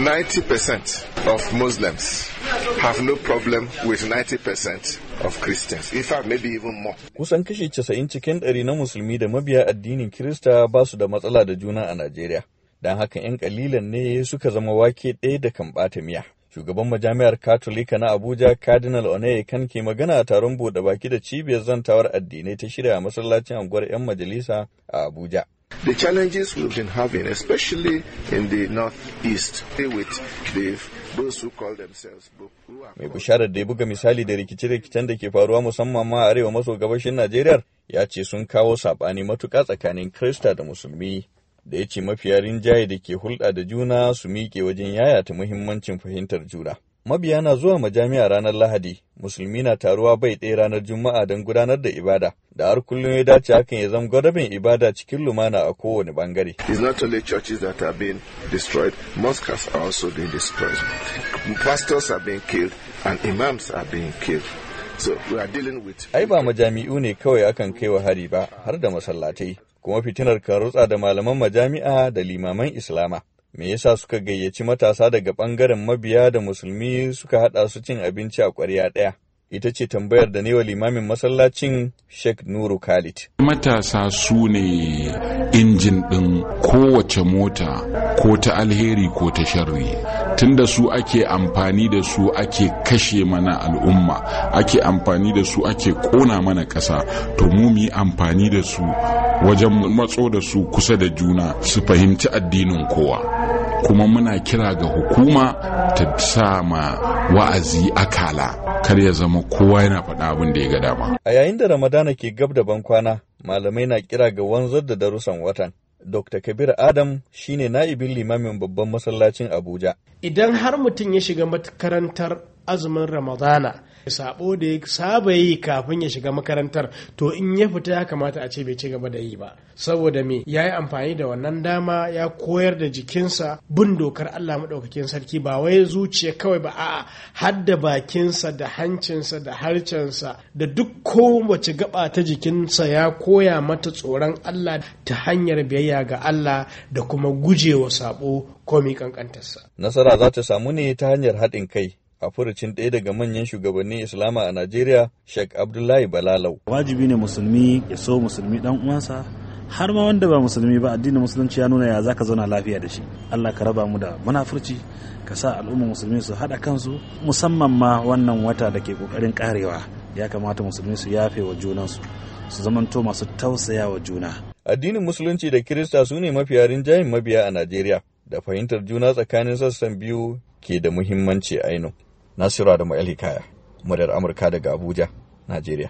90% of Muslims have no problem with 90% of Christians. In fact, maybe even more. Kusan kashi 90 cikin ɗari na musulmi da mabiya addinin Kirista ba su da matsala da juna a Najeriya. Don haka 'yan kalilan ne suka zama wake ɗaya da kan ɓata miya. Shugaban majami'ar Katolika na Abuja, Cardinal Oneye kan ke magana a taron buɗe baki da cibiyar zantawar addinai ta shirya a masallacin unguwar 'yan majalisa a Abuja. the challenges we've been having, especially in the northeast, with the Mai bisharar da ya buga misali da rikice-rikicen da ke faruwa musamman ma arewa maso gabashin Najeriya ya ce sun kawo saɓani matuƙa tsakanin Krista da Musulmi da ya ce mafiya rinjaye da ke hulɗa da juna su miƙe wajen yayata muhimmancin fahimtar juna. Mabiya na zuwa majami'a ranar Lahadi, Musulmi na taruwa bai ɗaya ranar Juma'a don gudanar da ibada. da har kullum ya dace hakan ya zama gwadabin ibada cikin lumana a kowane bangare. It's not only churches that are being destroyed, mosques are also and imams are being killed. So with... Ai ba majami'u ne kawai akan kai wa hari ba, har da masallatai, kuma fitinar karutsa rutsa da malaman majami'a da limaman Islama. Me yasa suka gayyaci matasa daga bangaren mabiya da musulmi suka haɗa su cin abinci a ƙwarya ɗaya? ita ce tambayar da ne wa limamin masallacin Sheikh Nuru Khalid. Matasa su ne injin ɗin kowace mota ko ta alheri ko ta sharri tunda su ake amfani da su ake kashe mana al'umma ake amfani da su ake ƙona mana ƙasa to mu mi amfani da su wajen matso da su kusa da juna su fahimci addinin kowa. kuma muna kira ga hukuma ta sa ma wa'azi akala kar ya zama kowa yana faɗa abin da ya ga dama a yayin da ramadana ke gab da bankwana malamai na kira ga wanzar da darussan watan Dr. Kabir Adam shine na'ibin limamin babban masallacin Abuja. Idan har mutum ya shiga makarantar azumin ramadana sabo da ya saba yi kafin ya shiga makarantar to in ya fita ya kamata a ce bai ci gaba da yi ba saboda me ya yi amfani da wannan dama ya koyar da jikinsa bin dokar Allah maɗaukakin sarki ba wai zuciya kawai ba a'a hadda da bakinsa da hancinsa da harcensa da duk kowace gaba ta jikinsa ya koya mata tsoron Allah ta hanyar biyayya ga Allah da kuma gujewa sabo komi kankantarsa. Nasara za ta samu ne ta hanyar haɗin kai a furucin ɗaya daga manyan shugabannin Islama a Najeriya, Sheikh Abdullahi Balalau. Wajibi ne musulmi ya so musulmi dan uwansa har ma wanda ba musulmi ba addinin musulunci ya nuna ya za ka zauna lafiya da shi allah ka raba mu da munafurci ka sa al'umma musulmi su haɗa kansu musamman ma wannan wata da ke ƙoƙarin ƙarewa ya kamata musulmi su yafe wa junansu su zamanto masu tausaya wa juna addinin musulunci da kirista su ne mafiya rinjayen mabiya a najeriya da fahimtar juna tsakanin sassan biyu ke da muhimmanci ainihin Nasiru Adamu hikaya muryar Amurka daga Abuja, Najeriya.